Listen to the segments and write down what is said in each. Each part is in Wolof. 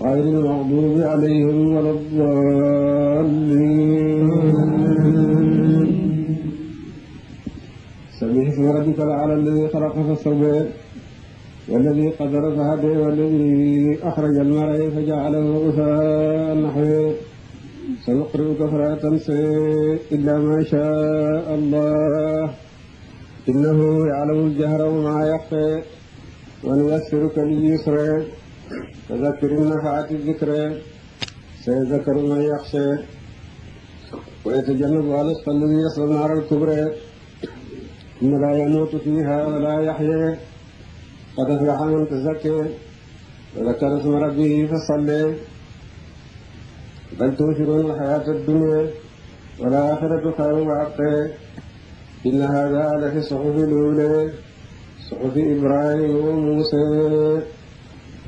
غير المغضوب عليهم ولا الضالين سبح اسم ربك الاعلى الذي خلق فسوى والذي قدر فهدى والذي اخرج المرعي فجعله غثاء نحوه سنقرئك فلا تنسى الا ما شاء الله انه يعلم الجهر وما يخفى ونيسرك لليسر fa zakkirin nafaati zikre say zakkaru man yaxshe wa yatajannabu alas fallin yasla naaral kubre inna laa yamuutu fiiha wa laa yaxyee qad aflaxa man tazakkee wa zakara sma rabbihi fa sallee bal tuusiruuna alxayaata addunya wal aaxiratu xayrun wa abqaa inna haadaa la fi suxufi luulee suxufi ibraahiima wa muusaa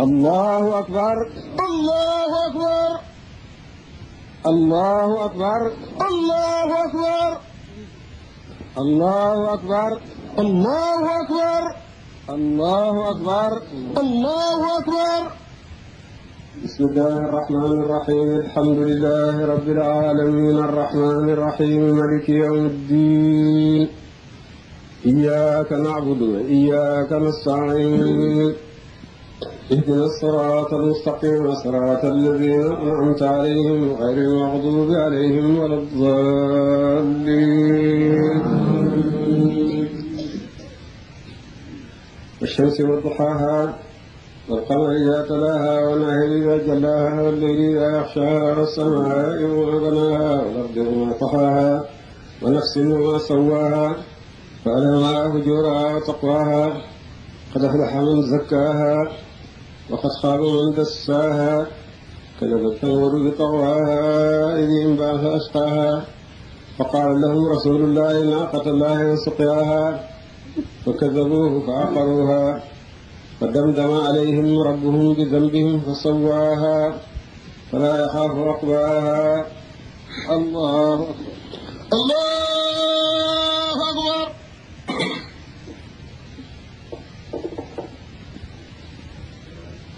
allahu akbar allahu akbar allahu akbar allahu akbar allahu akbar allahu akbar allahu akbar allahu akbar بسم الله الرحمن الرحيم الحمد لله رب العالمين الرحمن الرحيم ملك يوم الدين إياك نعبد وإياك نستعين اهدنا الصراط المستقيم صراط الذين أنعمت عليهم غير المغضوب عليهم ولا الضالين والشمس وضحاها والقمر إذا تلاها والليل إذا جلاها والليل إذا يغشاها والسماء وما بناها والأرض وما طحاها ونفس وما سواها فألهمها فجورها وتقواها قد أفلح من زكاها وقد خابوا من دساها كذبت ثمود بطغواها إذ انبعث أشقاها فقال لهم رسول الله ناقة الله وسقياها فكذبوه فعقروها فدمدم عليهم ربهم بذنبهم فسواها فلا يخاف عقباها الله أكبر الله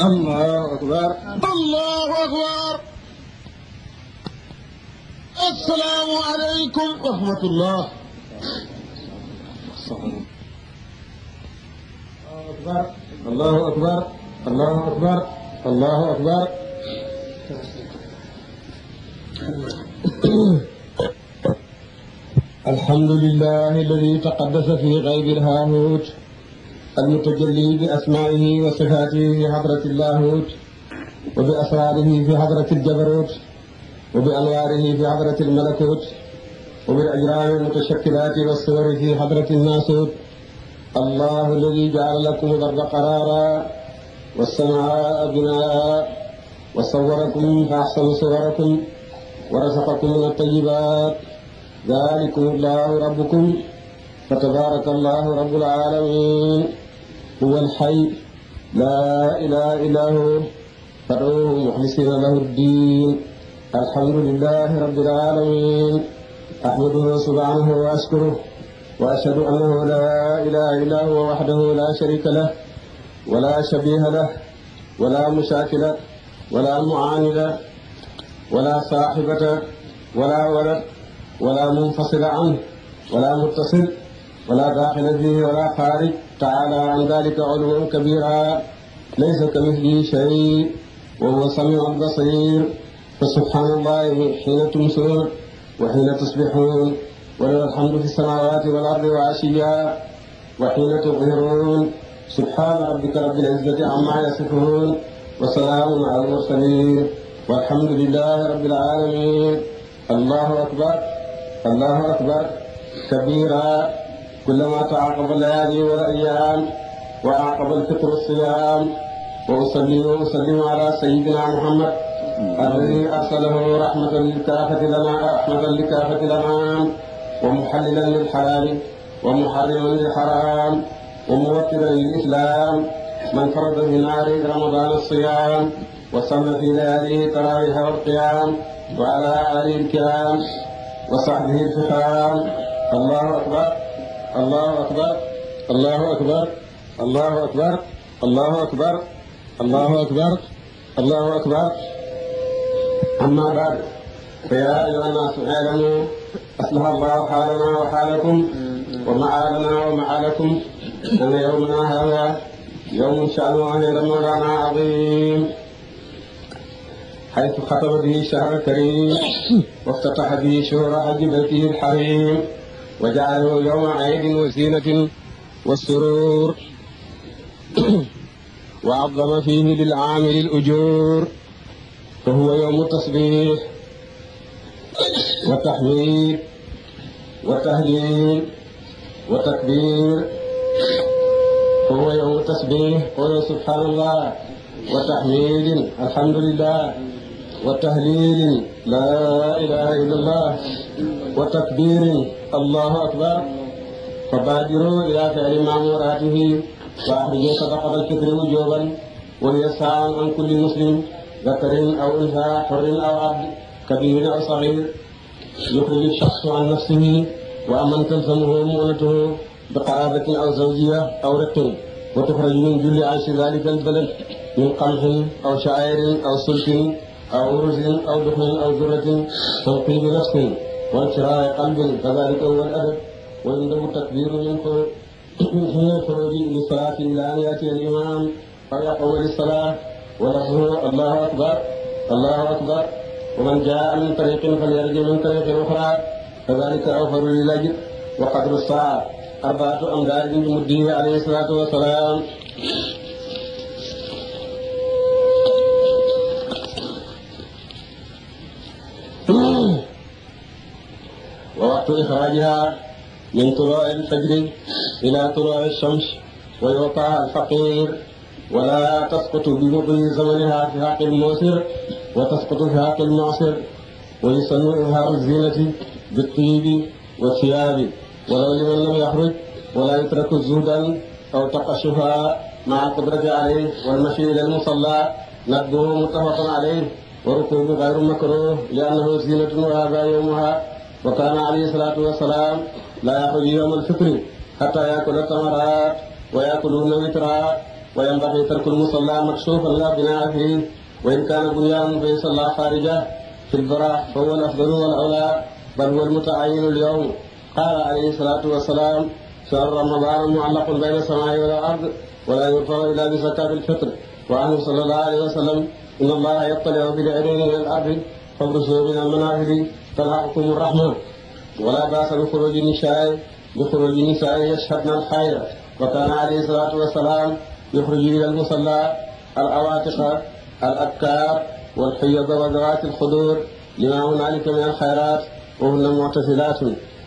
الله أكبر الله أكبر السلام عليكم ورحمة الله أكبر الله أكبر الله أكبر الله أكبر الحمد لله الذي تقدس في غيب الهاموت المتجلي بأسمائه وصفاته في حضرة اللاهوت وبأسراره في حضرة الجبروت وبأنواره في حضرة الملكوت وبالأجرام المتشكلات والصور في حضرة الناسوت الله الذي جعل لكم الأرض قرارا والسماء بناء وصوركم فأحسن صوركم ورزقكم من الطيبات ذلكم الله ربكم فتبارك الله رب العالمين هو الحي لا إله إلا هو فادعوه مخلصين له الدين الحمد لله رب العالمين أحمده سبحانه وأشكره وأشهد أنه لا إله إلا هو وحده لا شريك له ولا شبيه له ولا مشاكل ولا معاند ولا صاحبة ولا ولد ولا منفصل عنه ولا متصل ولا داخل فيه ولا خارج تعالى عن ذلك علوا كبيرا ليس كمثله شيء وهو السميع البصير فسبحان الله حين تمسون وحين تصبحون وله الحمد في السماوات والأرض وعشيا وحين تظهرون سبحان ربك رب العزة عما يصفون وسلام على المرسلين والحمد لله رب العالمين الله أكبر الله أكبر كبيرا كلما تعاقب الليالي والأيام وعاقب الفطر الصيام وأصلي وأسلم على سيدنا محمد الذي أرسله رحمة للكافة لنا رحمة لكافة الأنعام ومحللا للحلال ومحرما للحرام وموكلا للإسلام من فرض في نار رمضان الصيام وصلى في لياليه تراويح والقيام وعلى آله الكرام وصحبه الفخام الله أكبر allahu akbar allahu akbar allahu akbar allahu akbar allahu akbar allahu akbar amma ba'd فيا أيها الناس اعلموا أصلح الله حالنا وحالكم ومعادنا ومعادكم أن يومنا هذا يوم شأنه غير مولانا عظيم حيث خطب به شهر كريم وافتتح به شهر حج بيته الحريم وجعله يوم عيد وزينة والسرور وعظم فيه للعامل الأجور فهو يوم التصبيح والتحميد والتهليل والتكبير فهو يوم التسبيح قل سبحان الله وتحميد الحمد لله وتهليل لا إله إلا الله وتكبير الله أكبر فبادروا إلى فعل معموراته وأخرجوا صدقة الفطر وجوبا وهي ساعة عن كل مسلم ذكر أو أنثى حر أو عبد كبير أو صغير يخرج الشخص عن نفسه وأمن تلزمه مؤنته بقرابة أو زوجية أو رق وتخرج من جل عيش ذلك البلد من قمح أو شعير أو سلك أو عروس أو دخن أو ذرة توقيد نفس وانشراح قلب كذلك هو الأدب وعنده التكبير من حين خروج للصلاة إلى أن يأتي الإمام فيقوم للصلاة ولفظه الله أكبر الله أكبر ومن جاء من طريق فليرجع من طريق أخرى كذلك أوفر للأجر وقدر الساعة أربعة أمداد من مده عليه الصلاة والسلام إخراجها من طلوع الفجر إلى طلوع الشمس ويعطاها الفقير ولا تسقط ببطن زمنها في حق الموسر وتسقط في حق المعسر ويسن إظهار الزينة بالطيب والثياب ولو لمن لم يخرج ولا يترك زهدا أو تقشفا مع القدرة عليه والمشي إلى المصلى نقده متفق عليه وركوب غير مكروه لأنه زينة وهذا يومها wa kaana alayhi salaatu wasalaam laa yaxruju yawmal fitri xataa yaakula tamaraat wa yaakuluuna witraa wa yanbaghi tarkul musalla makshuufan laa binaa'a fiihi wa in kaana bunyaanun fa yusallaa xaarijahu fi l-baraax fa huwa al-afdalu wal awlaa bal huwa al-muta'ayyinu al-yawm qaala alayhi salaatu wasalaam shahru ramadaana mu'allaqun bayna as-samaa'i wal ard wa laa yurfa'u illaa bi zakaatil fitr wa anhu sallallahu alayhi wa sallam inna allaha yattali'u bil 'uyuuni ilal ardi fabrusuhu min al-manaafidi تلحقكم الرحمة ولا بأس بخروج النساء بخروج النساء يشهدن الخير وكان عليه الصلاة والسلام يخرج إلى المصلى العواتق الأبكار والحيض وذوات الخدور لما هنالك من الخيرات وهن معتزلات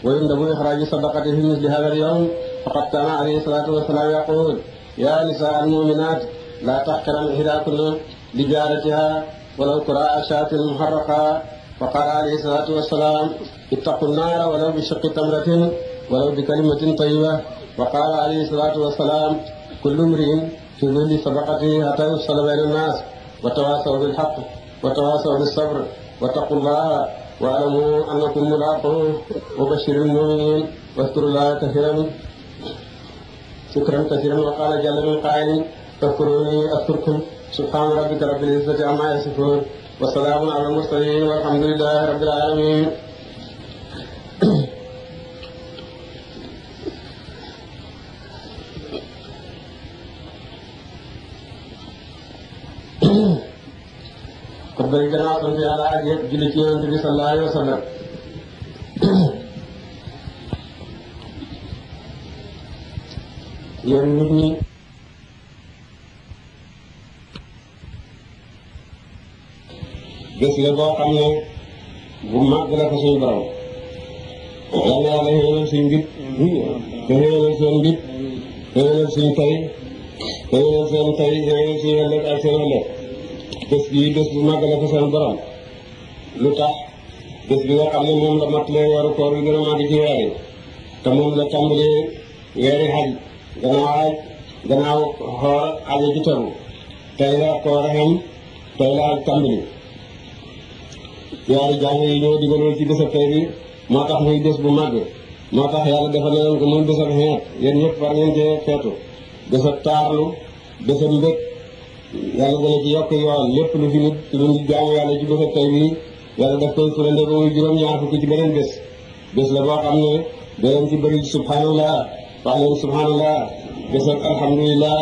ويندب إخراج صدقته في مثل هذا اليوم فقد كان عليه الصلاة والسلام يقول يا نساء المؤمنات لا تحقرن إحداكن لجارتها ولو كراء شاة محرقة فقال عليه الصلاة والسلام اتقوا النار ولو بشق تمرة ولو بكلمة طيبة وقال عليه الصلاة والسلام كل امرئ في ذل صدقته حتى يفصل بين الناس وتواصوا بالحق وتواصوا بالصبر واتقوا الله واعلموا أنكم ملاقوه وبشر المؤمنين واذكروا الله كثيرا شكرا كثيرا وقال جل من قائل فاذكروني أذكركم سبحان ربك رب العزة عما يصفون wasalaamun ala mursalin walhamdulilahi rabbil alamin kon bëri gannaaw sant yàlla ak yëpp julli ci yonent bi sallallahu alayhi wa sallam yéen nit ñi bés la boo xam ne bu màgg la ko seen borom lu tax bés bi nga xam ne moom la matalee weeru koor bi gën a màgg ci weer te moom la tàmbalee weeri xaj gannaaw xaj gannaaw xoor aju ci tey la koor xem tey la ak tàmbali yàlla jàng yi ñoo digaloon ci bésab tey moo tax muy bés bu màgg moo tax yàlla defal na leen ko moom bésab xeet yéen ñëpp war ngeen cee feetu bésab taarlu bésab mbég yàlla dana ci yokk yoon lépp lu fi nit lu ñu jaamu yàlla ci bésab tey bi yàlla daf koy fulande ba muy juróom-ñaar fukki ci beneen bés bés la boo xam ne beneen ci bëri subhanallah wax leen subhanallah bésab alhamdulillah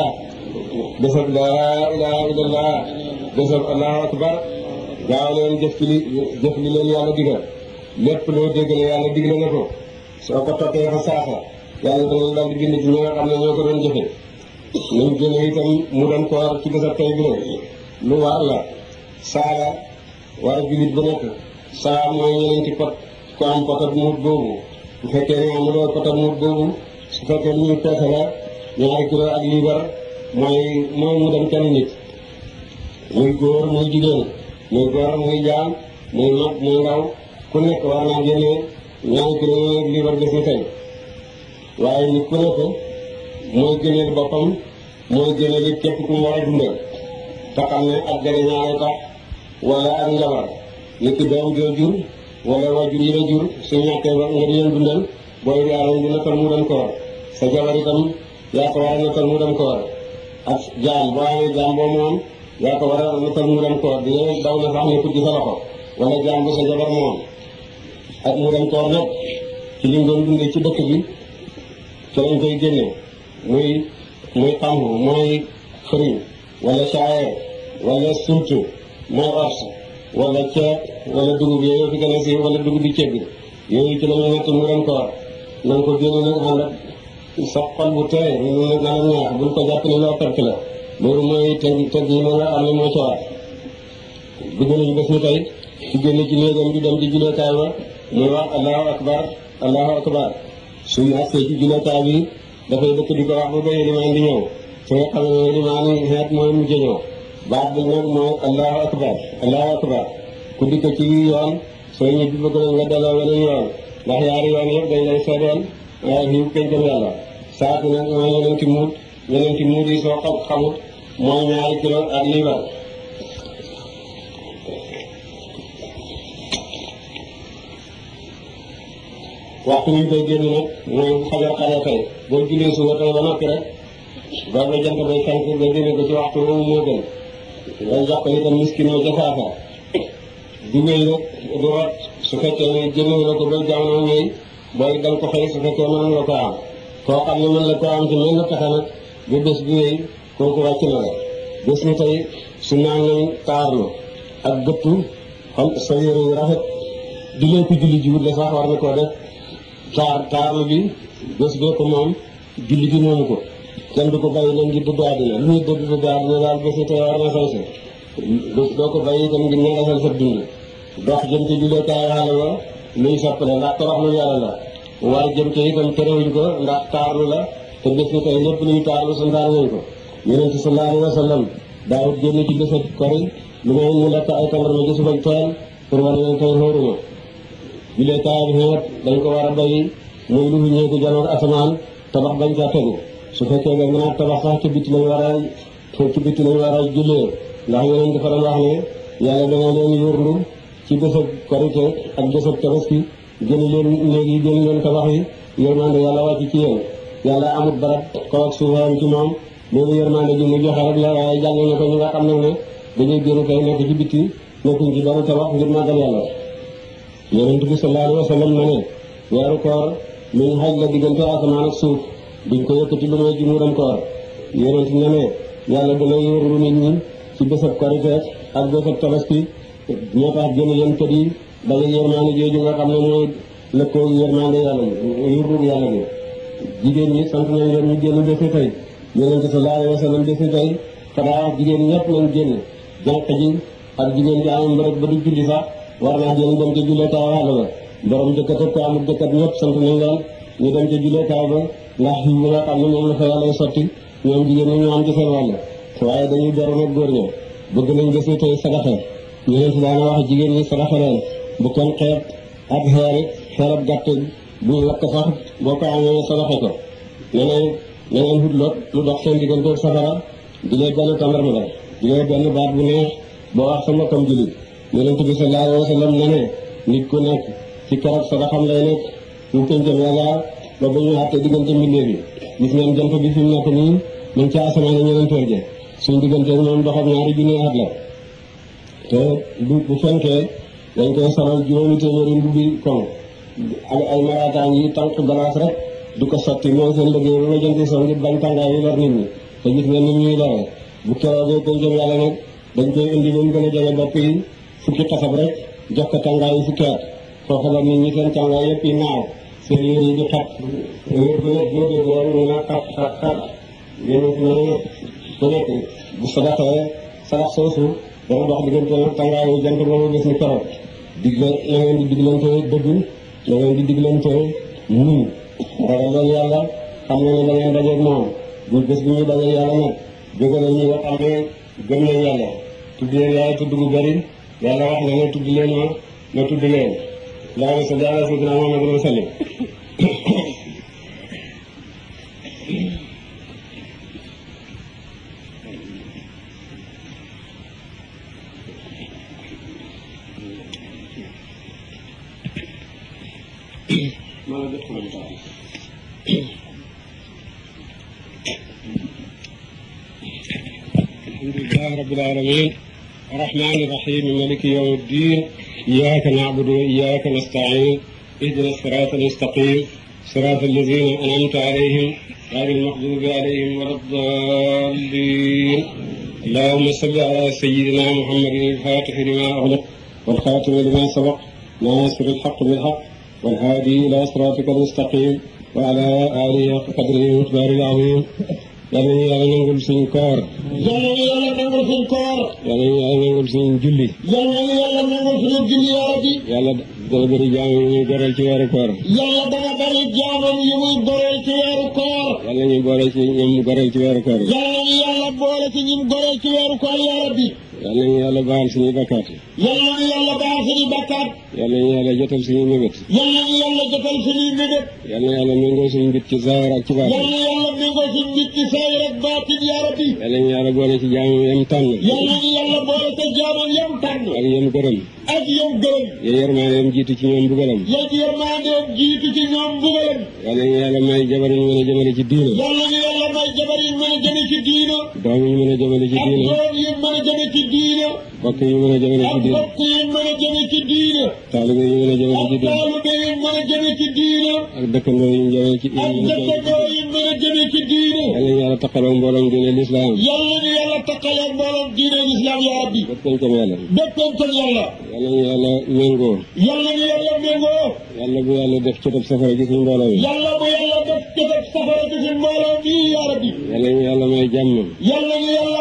akbar gaaw leen jëf ci leen yàlla digal lépp loo dégg yàlla digal na ko soo ko toppee fa saasa yàlla dana daal di bind ci ñi xam ne ñoo ko doon jëfee nañ génne itam mu doon koor ci bésab a boobu bu fekkee ne amuloo potab muut boobu su fekkee lu ñu peese la liibar mooy mooy mu dem kenn nit muy góor muy jigéen muy góor muy jaam muy mag muy ndaw ku nekk war naa génne ñaari kilo yooyu liibar bi si tey waaye nit ku nekk mooy génneel boppam mooy génneel it képp ku mu war a dundal te ne ak gën a ñaare tax wala ak njabar nit ki doom jur wala waajur yi la jur su ñàkkee nga dundal booy bi aroon di nattal mu dem koor sa jabar itam yaa ko war a mu dem koor ak jaam boo amee jaam boo moom yaa ko war a lu tam muram di yow daw na sax ne sa loxo wala jaam sa jabar moom ak muram koor ci li doon dundee ci dëkk bi ci lañ koy génne muy dugub yooyu fi gën a siiw dugub bi ceeb bi yooyu ci la nga ko génne nag ànd ko jàpp ne loo perte loolu mooy teg teg yi ma nga xam ne moo ci war dugg nañu bés su génn ba muy wax allahu akbar allahu akbar su mu agsee ci bi dafay dëkk di ko wax ba bay limaan di ñëw su xam ne limaan xeet mooy mujj ñëw baat bi nag mooy allahu akbar allahu akbar ku dikk ci yoon soo ñibbi bëgg nga delloo weneen yoon ndax yaari yoon yëpp dañ lay seedeel waaye xiiw kañ dem yàlla saati nag mooy yeneen ti muut yeneen ti muut yi soo xam xamut mooy ñaari kilo ak liibar waxtu wi ñu génn nag mooy fajar xale xëy boo jullee suba tey ba noppi rek ba ko ci waxtu woowu moo gën nga ko ba jamono ñëw booy dal ko fay su fekkee mën na la ko am koo xam ne mën la ko am ci mën la taxa nag bu bés bu wéy kooku wàcc na la gis ni tey su naan lañ taarlu ak gëttu xam sa yére yu rafet di lépp julli ji wut sax war na koo def taar taarlu bi gës boo ko moom julli gi moomu ko kenn du ko bàyyi na ngir dëddu àddina lu ñu dëddu dëddu àddina daal ko bàyyi itam ngir ñangasal sa dund dox jëm ci jullikaay xaale wa luy lu yàlla la waaye jëm ndax taarlu la te gis ni tey lépp lu ñu taarlu santaar nañ ko yonent bi sallallahu alayhi wa sallam daawut génn ci bésab kori lu may mu lekk ay tàndarma gi suba teel pour wane leen tey xóoruma julee kaayam xeet dañ ko war a bay muy lu ñëw ko asamaan tabax bañ ca tegu su fekkee nga mën a tabax sax ci bitti lañ war a ci bitti lañ war a jullee ndax yonent dafa doon wax ne yàlla dana leen yurlu ci bésab korite ak bésab tabaski génn leen léegi génn leen tabax yi yërmande yàlla wàcc ci yéen yàlla amut barab kaw ak suufam ci moom loolu yërmande ji mu joxe rek la waaye jàngal na ko ñi nga xam ne ne dañuy génn tey nekk ci bitti nekkuñ ci dara tabax ngir màggal yàlla la diggante asamaan ak suuf ko yëkkati lu may jumuram koor yonent na ne yàlla dana yóoru nit ñi ci bésab korite ak bésab tabaski ñoo tax gën a yem kër yi daga yërmande jooju nga xam ne mooy lëkkoo yërmande yàlla yi yurru yàlla bi jigéen ñi sant nañ leen ñu génn bési tey yonent bi sallallahu alayhi wa sallam daf ñu doy te daa wax jigéen ñëpp nañ génn jànq ji ak jigéen ji amul mbërëg ba du julli sax war naa génn dem ca jullee taw wàll ba borom jëkkat ak ko amul jëkkat ñëpp sant nañ leen ñu dem ca jullee taw ba ndax ñi nga xam ne moom la fa yàlla sotti ñoom jigéen ñi ñu am ci seen wàll waaye dañuy jaroon ak góor ñi bëgg nañ gëstu tey sadaxe ñu leen si daana wax jigéen ñi sadaxe leen bu kenn xeeb ak xeer xeerab gàtt bu ñu lakk sax boo ko amee sadaxe ko na ngeen wut lot lu dox seen digganteeg safara di leen benn tàndarma di leen benn baat bu neex boo wax sa mbokkam jullit yonent bi sallallahu alayhi wa sallam ne ne nit ku nekk ci keroog sadaxam lay nekk ñu pëncëm yàlla ba ba ñu àttee diggante mbindee bi gis ngeen jant bi fi mu nekk nii mu ngi ci asamaan ñeneen je suñ digganteeg moom doxam ñaari junni at la te bu bu fenkee dañ koy saral juróomi téeméeri mbubbi koŋ ak ay maraataan yi tànk galaas rek du ko sotti mooy seen liggéey bi ma jënd si ngir bañ tàngaay lor nit ñi te gis ngeen ni ñuy lore bu keroogee koy jëm yàlla nag dañ koy indi ba mu gën a jege bopp yi fukki taxab rek jox ko tàngaay yi fukki at foofu la nit ñi tàngaay yëpp yi naaw seen yére yi di xat yére bu nekk boo déggee rek ñu naan xat dox diggante nag tàngaay yi jant boobu gis ni keroog digle la ngeen di diglante dëgg ragal ngeen yàlla xam nga ne da ngeen dajeeg moom bu bés bu ñu dajeeg yàlla nag jóge la ñuy wax am ne gëm leen yàlla tudd leen yàlla tudd bu bëri yàlla wax na ne tudd leen ma ma tudd leen laa sa dara sa dina moom a gën a الرحيم الرحمن الرحيم مالك يوم الدين إياك نعبد وإياك نستعين اهدنا الصراط المستقيم صراط الذين أنعمت عليهم غير المغضوب عليهم ولا الضالين اللهم صل على سيدنا محمد الفاتح لما أغلق والخاتم لما سبق ناصر الحق بالحق والهادي إلى صراطك المستقيم وعلى آله قدره ومقداره العظيم yàlla ñu yàlla nangul suñu koor. yàlla ñu yàlla nangul suñu koor. yàlla ñu yàlla nangul suñu julli. yàlla ñu yàlla nangul suñu julli yaa bi. yàlla dana bëri jaamam yi muy goreel ci weeru koor. yàlla dana bëri jaamam yi muy goreel ci weeru koor. yàlla ñu boole ci ñoom goreel ci weeru koor. yàlla ñu yàlla boole ci ñoom goreel ci weeru koor yaa bi. yàlla nañu yàlla baal suñu bakkaat yi yàlla nañu baal suñu bakkaat yàlla nañu yàlla jotal suñu mébét yàlla nañu yàlla jotal suñuy mébét yàlla na yàlla méngoo suñu mbit ci zaahir ak ci baatin yàlla na yàlla méngoo ci zaahir ak baatin yaa rabbi yàlla ci jaamam yam tànn yàlla yam tànn ak yëm gërëm yaa yërmandeem jiitu ci ñoom mbugalam yaa ci yërmandeem jiitu ci ñoom mbugalam yàlla ñu yàlla may jabar yi ñu mën a jëmale ci diina yàlla ñu yàlla may jabar yi mën a jëme ci diina doom yi mën a jëmale ci diina ak doom yi mën a jëme ci diina mbokk yi mën a jëmale ci diina ak mbokk yi mën a jëme ci diina taalibe yi mën a jëmale ci diina ak taalibe yi mën a jëme ci diina ak dëkkandoo yi jëmale ci ak dëkkandoo yi mën a jëme ci diina yàlla ñu yàlla taqaloo mbooloom diine lislaam yàlla ñu yàlla taqaloo mbooloom diine lislaam yaa rabbi bépp pentam yàlla bépp pentam yàlla yàlla ñu yàlla ñu yàlla may jàmm. yàlla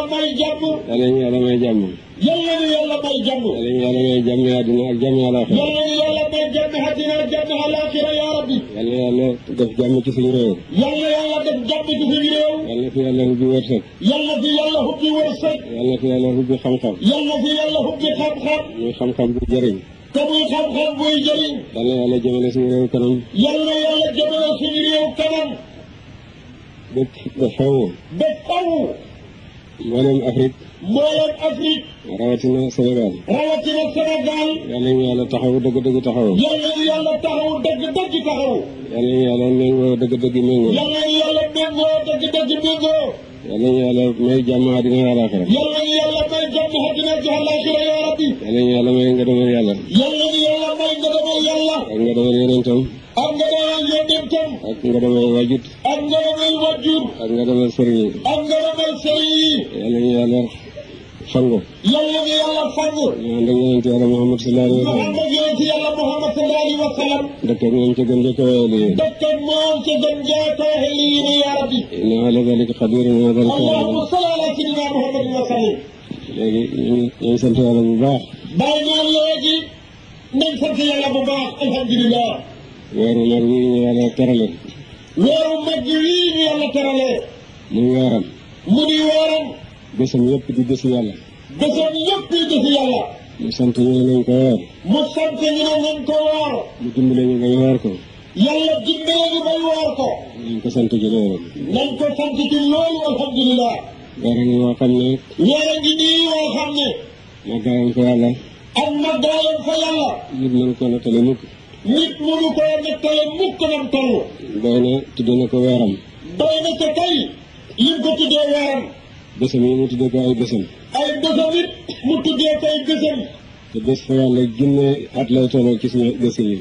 may jàmm. yàlla may jàmm. yal na ñu yàlla bay jàmm. yal na ñu yàlla may jàmmi àddina ak jàmmi àllaaxira. yal na ñu yàlla may jàmmi àddina ak jàmmi àllaaxira yaa rabbi. yal na yàlla def jàmm ci suñu réew. yal na yàlla def jàmm ci suñu réew. yal na fi yàlla hubbi wërsëg. yal na fi yàlla hubbi wërsëg. yal na fi yàlla hubbi xam-xam. yal na fi yàlla hubbi xam-xam. muy xam-xam bu jëriñ. te muy xam-xam buy jëriñ. yal na yàlla jëmale suñu réew kanam. yal na yàlla jëmale suñu réew kanam. ba ba faw. ba faw. mboolem Afrique. mboolem Afrique. rawatina Sénégal. rawatina Sénégal. yàlla ñu yàlla taxawu dëgg-dëgg taxawu. yàlla ñu yàlla taxawu dëgg-dëgg taxawu. yàlla ñu yàlla méngoo dëgg-dëgg méngoo. yàlla ñu yàlla méngoo dëgg-dëgg méngoo. yàlla ñu yàlla may jàmm àddina ak àllaaxira. yàlla ñu yàlla may jàmm àddina ak àllaaxira yaa rabbi. yàlla ñu yàlla may nga demal yàlla. yàlla ñu yàlla may nga demal yàlla. ak nga demal yonentam. ak nga demal yonentam. ak nga demal wajut. ak nga demal wajut. ak nga demal sëriñ. sell yi. yàlla ñu yàlla fangu. yàlla ñu yàlla fangu. ñu ànd ak yonent yàlla Muhammad sallallahu alayhi wa sallam. ñu ànd ak yonent yàlla Muhammad sallallahu alayhi wa sallam. dëkk ak moom ca gën jee kawe lii. dëkk ak moom ca gën jee kawe lii nii yaa rabbi. inna ala dalika qadirun wa dalika. allahumma salli ala sayyidina Muhammadin wa sallim. léegi ñu ngi sant yàlla bu baax. bàyyi naa léegi. nañ sant yàlla bu baax alhamdulilah. weeru mag wi ñu yàlla terale. weeru mag wi ñu yàlla terale. muy weeram. mu di wooram. bésam yëpp di bésu yàlla. bésam yëpp di bésu yàlla. mu sant ñu ne nañ ko woor. mu sant ñu ne nañ ko woor. mu dimbale ñu ngay woor ko. yàlla dimbale ñu bay woor ko. nañ ko sant ci nañ ko sant ci loolu alhamdulilah. dara ngi ñoo xam ne. ñaara ngi nii yoo xam ne. ma gaawam ko yàlla. ak ma gaawam ko yàlla. nit mënu ko nattale mukk. nit mënu ko nattale mukk nam toll. doy na tudde na ko weeram. doy na ca tey. lim ko tuddee weeram. bésam yi mu tuddee ko ay bésam. ay bésam it mu tuddee ko ay bésam. te bés fa yàlla junne at lay ci suñu bés yi.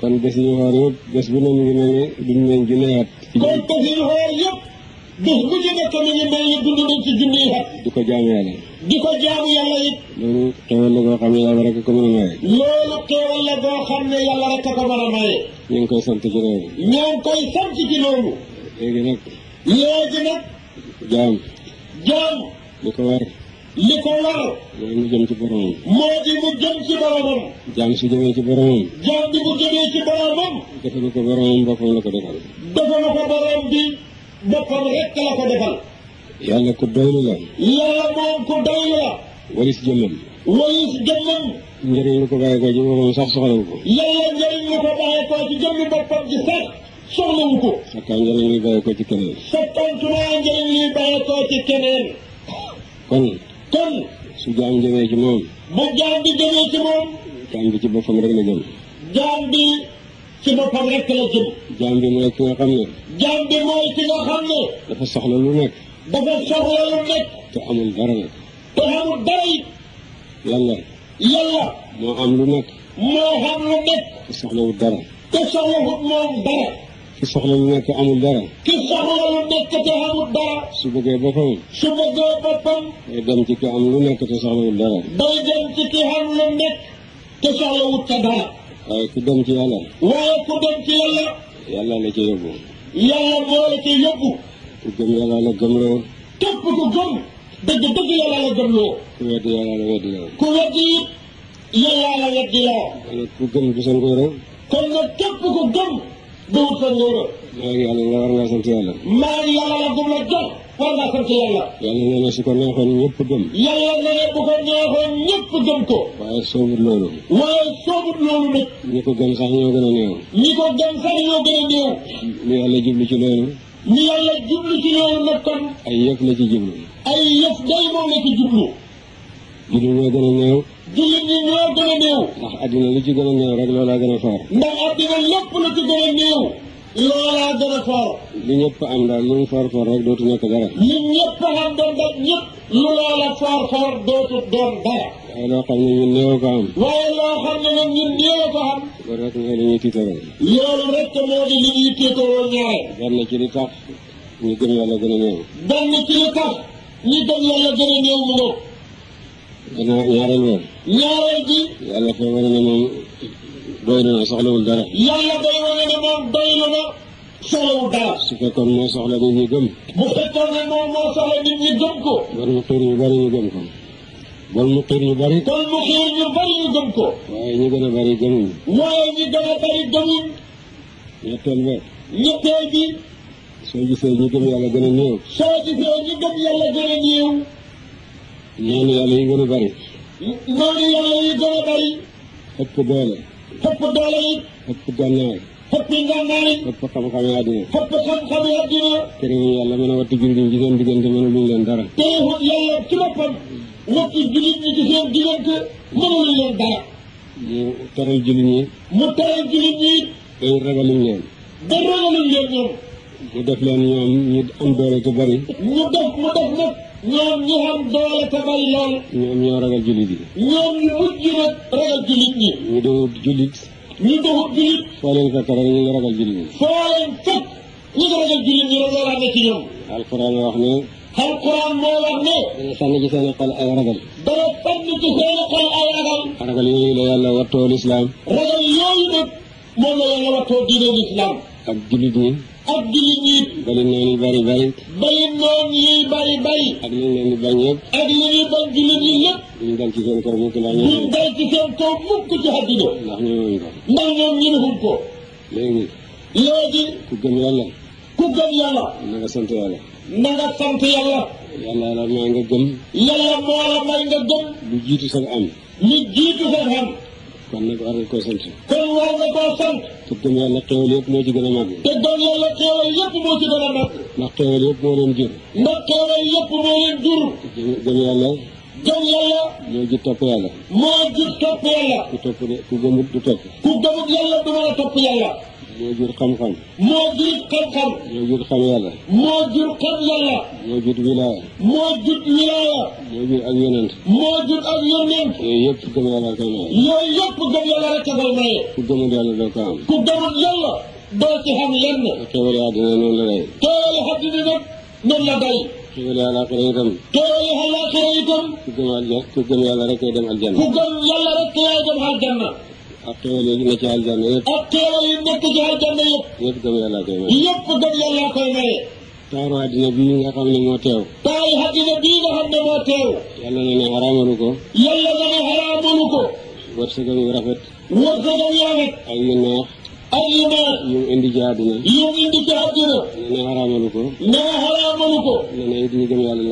kon bés yi xool yëpp bés bu ne ñu ngi mel ni duñ leen junne at. kon bés yi xool yëpp. bés bu ci nekk mi ngi mel ni dund nañ ci di ko jaamu yàlla. di ko jaamu loolu teewal la boo xam ne yàlla la rek a maye. ñu ngi koy sant ci loolu. ñoo ngi koy sant ci loolu. léegi nag. léegi nag. jaam. jaam. li ko war. li ko war. mu jëm ci boromam. jaam su jëmee ci boromam. jaam bi mu jëmee ci boromam. defalu ko boromam boppam la ko defal. defalu ko borom bi. boppam rek la ko defal. yàlla ko doylu la. yàlla moom ko doylu la. walis jëmmam. walis jëmmam. njëriñ lu ko bàyyi koo ci boppam sax ko. yàlla ko ci jëmmi boppam ci sax soxlawu ko. luy bàyyi koo ci keneen. kon. kon. su jaam jëmee ci moom. bu jaam bi jëmee ci moom. jaam bi ci boppam rek la jëm. jaam bi. ci boppam rek la jëm. jaam bi mooy ki nga xam ne. jaam bi mooy ki nga xam ne. dafa soxla lu nekk. dafa soxla lu nekk. te amul dara nag. te amul dara it. yàlla. yàlla. moo am lu nekk. moo xam lu nekk. te soxlawul dara. te soxlawut moom dara. ki soxla lu nekk amul dara. ki soxla lu nekk te amul dara. su bëggee boppam. su bëggee boppam. day dem ci ki am lu nekk te soxlawul dara. day dem ci ki am lu nekk te soxlawut ca dara. waaye ku dem ci yàlla. ci yàlla. yàlla la ca yóbbu. yàlla moo la ca yóbbu. ku gëm yàlla la gëmloo. képp ku gëm. dëgg dëgg yàlla la gëmloo. ku weddi yàlla la weddi loo. ku weddi yàlla la weddi loo. ku gëm du sa ngóoro. kon nag képp ku gëm. du wut sa ngóoro. maa yàlla la gëm la jot. war ngaa sant yàlla. yàlla nee su ko neexoon ñëpp gëm. yàlla nee bu ko neexoon ñëpp gëm ko. waaye soobut loolu. waaye soobut loolu nag. ñi ko gëm ñoo gën a néew. ñi yàlla jublu ci loolu. lu yàlla jublu ci loolu nag ay yëf la ci jublu. ay yëf day moom la ci jublu. jullit gën a néew. jullit ñoo gën a néew. ndax addina lu ci gën a néew rek loolaa gën a fort. ndax addina lépp lu ci gën a néew. loolaa gën a foor li am daal lu mu foor foor dootu nekk dara li ñëpp am doon daal ñëpp lu loola foor foor dootu doon dara waaye loo xam ne ñun néew ko am waaye loo xam ne nag ñun néew ko am loolu rek mooy li ñuy tiitaroo loolu rek moo di li ñuy tiitaroo ñaare benn ci a ci li tax ñu gëm yàlla gën a néew mu ngoo gannaaw ñaareel woon ñaareel ji yàlla foo ne moom doy na soxlawul dara. yàlla day wane ne moom doy na na soxlawul dara. su fekkoon moo soxla nit ñi gëm. bu fekkoon ne moom moo soxla nit ñi gëm ko. bal mu xiir ñu bari ñu gëm ko. bal mu xiir ñu bari. bal mu xiir ñu bari ñu gëm ko. waaye ñu gën a bari gëmuñ. waaye ñu gën a bari gëmuñ. ñetteel ba. ñetteel bi. soo gisee ñu gëm yàlla gën a néew. soo gisee ñu gëm yàlla gën a néew. noonu yàlla yi gën a bari. noonu yàlla yi gën a bari. ëpp doole. xëpp doole yi. xëpp gànnaay. xëpp gànnaay. xëpp xam-xami àddina. xëpp xam-xami àddina. terewul yàlla mën a wattu jullit ñi ci seen diggante mënuluñ leen dara. terewul yàlla ci boppam wattu jullit ñi ci seen diggante mënuluñ leen dara. mu teral jullit ñi. mu teral jullit ñi. dañ ragaluñ leen. dañ ragaluñ leen mu def leen ñoom ñu am doole bu bari. ñu def mu def nag. ñoom ñi am doole te ñoom ñoo ragal jullit yi. ñoom ñu mujj nag ragal jullit ñi. ñu doon jullit. ñu doxut jullit. foo leen fekk rek ñu ragal ñi. foo leen fekk ñu ngi ragal jullit ñi rek loolaa ne ci ñoom. alquran wax ne. alquran moo wax ne. dana ci seen xol ay ragal. dana sànni ci seen xol ay ragal. yooyu la yàlla wattoo lislaam. ragal yooyu la yàlla wattoo diine ñi. ak jullit ñi. bali noonu bari bari. bali noonu yiy bari bari. ak li leen di bañ yëpp. ak li ñuy bañ jullit ñi lépp. duñ dal ci seen kaw mukk ndax ñoom. duñ dal ci seen kaw mukk ci àddina. ndax ñoom ko. ndax ñoom ñëwuñ ko. léegi. léegi. ku gëm yàlla. ku gëm yàlla. na nga sant yàlla. na nga sant yàlla. yàlla la may nga gëm. yàlla moo la may nga gëm. lu jiitu sax am. lu jiitu sax am. kon nag war nga koo sant. kon war nga koo sant. te gëm yàlla xéwal yëpp moo ci gën a màgg. te gëm yàlla xéwal yëpp moo ci gën a màgg. ndax xéwal yëpp moo leen jur. ndax xéwal yëpp moo leen jur. gëm yàlla. gëm yàlla. moo ji topp yàlla. moo ji topp yàlla. ku topp de ku gëmut du topp. ku gëmut yàlla du mën a topp yàlla. moo jur xam-xam. moo jur xam-xam. moo jur xam yàlla. moo jur xam yàlla. moo jur wilaaya. moo jur wilaaya. moo jur ak yonent. moo jur ak yonent. yooyu yëpp gëm yàlla koy maye. yooyu yëpp gëm yàlla rek a koy maye. ku gëmul yàlla doo ko am. ku gëmul yàlla doo ci xam lenn. xewal yaa dina noonu la day. xewal yaa dina nag noonu la day. xewal yaa laaxira itam. xewal yaa laaxira itam. ku gëm yàlla rek koy dem aljanna. ku gëm yàlla rek koy dem aljanna. ak xéewal yi nekk ci aljanna yëpp. ak gëm yàlla koy maye. yëpp gëm yàlla koy maye. taaru àddina bii nga xam ne moo teew. taaru àddina bii nga xam ne moo teew. yàlla na ne xaraamalu ko. yàlla na ne xaraamalu ko. wërsëgam yu rafet. wërsëgam yu rafet. ak yu neex. ak yu neex. yu mu indi ci àddina. yu mu indi ci àddina. na ne xaraamalu ko. ne xaraamalu ko. ne ne it ñi gëm yàlla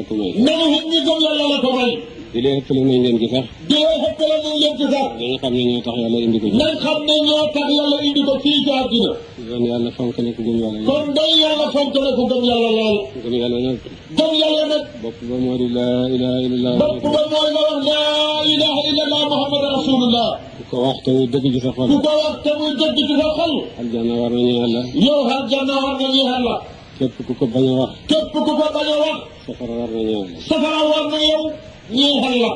la ko may. di leen xëppale nañ leen gi sax di leen xëppale nañ leen gi sax dañu xam ne ñoo tax yàlla indi ko ci nañ xam ne ñoo tax yàlla indi ko fii ci àddina kon yàlla fonk na ko gëm yàlla kon day yàlla fonk na ko gëm yàlla lool gëm yàlla nag gëm yàlla nag bopp ba moo di laa ilaha illallah bopp ba mooy nga wax laa ilaha illallah muhammad rasulullah ku ko wax te muy dëgg ci sa xol ku ko wax te muy dëgg ci sa xol aljanna war nañu yàlla yow aljanna war nañu yàlla képp ku ko bañ a wax képp ku ko bañ a wax safara war nañu yàlla safara war na yow ñeexal la.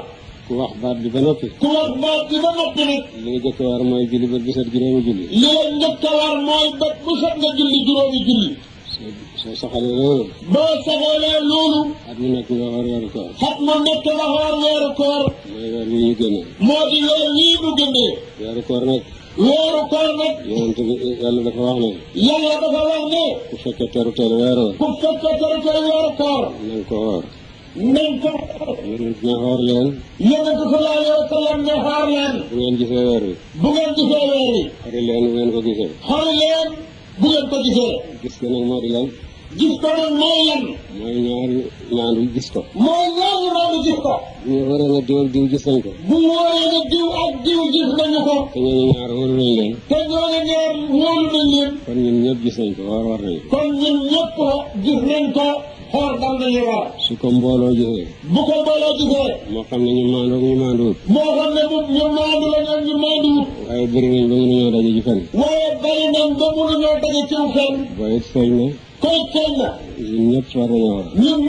ku wax baat bi ba noppi. ku wax baat bi ba noppi nag. li nga jëkk a war mooy julli ba bu set juróomi julli. li nga njëkk a war mooy ba bu set nga julli juróomi julli. soo soo saxalee loolu. boo saxalee loolu. at mu nekk nga xool weeru koor. at mu nekk nga xool weeru koor. mooy weer wi ñu génnee. moo di weer wii mu génnee. weeru koor nag. weeru koor nag. yonent bi yàlla dafa wax ne. yàlla dafa wax ne. ku fekkee teru teru weeru. ku fekkee teru teru weeru koor. na nga ko woor. nañ ko. yéen a xool leen. yéen a leen. bu ngeen gisee weer wi. bu ngeen leen bu ngeen ko gisee. xool leen bu ngeen ko gisee. gis ko nag moo di gis ko nag mooy mooy ñaari ñaandu gis ko. mooy ñaari ñaandu gis ko. bu ñu diw diw nañ ko. bu ñu waree diw ak diw gis nañu ko. te ñooñu ñaar wóolu nañ leen. te ñooñu ñaar wóolu nañ leen. kon ñun ñëpp gis nañ ko war war nañ kon ñun ñëpp gis nañ ko. xool dam na yëgaat su ko mbooloo gisee bu ko mbooloo gisee moo xam ne ñu maandu ñu maanduwut moo xam ne bu ñu maandu la ak ñu maanduwut waaye bëri nañ ba mënuñoo daje ci fenn waaye ba ci fenn booy it feeñ koy feeñ na ñun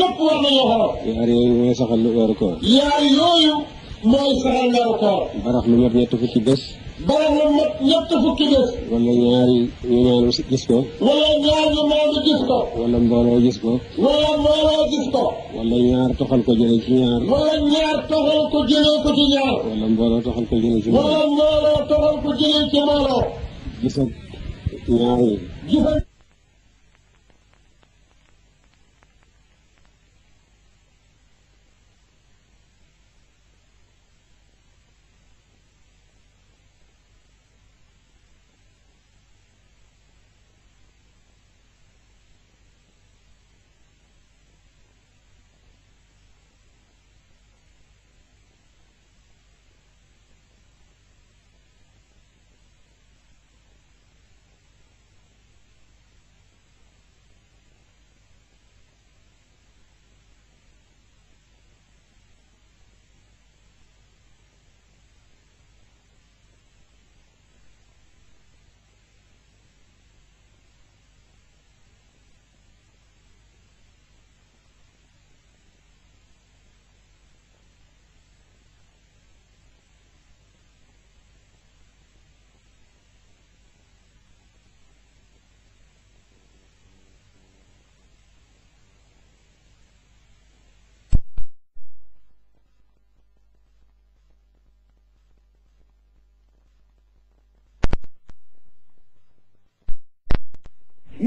ñëpp war nañoo xool yaar yooyu mooy saxal lu weeru koor yaar yooyu barax lu mat ñetti fukki bés borom la ñett ñett fukki bés. wala ñaari ñu maandu gis ko. wala ñaar ñu maandu gis ko. wala mbooloo gis ko. wala mbooloo gis ko. wala ñaar toxal ko jëlee ci ñaar. wala ñaar toxal ko jëlee ko ci ñaar. wala mbooloo toxal ko jëlee ci mbooloo. wala mbooloo toxal ko jëlee ci mbooloo. gis ak ñaar yi.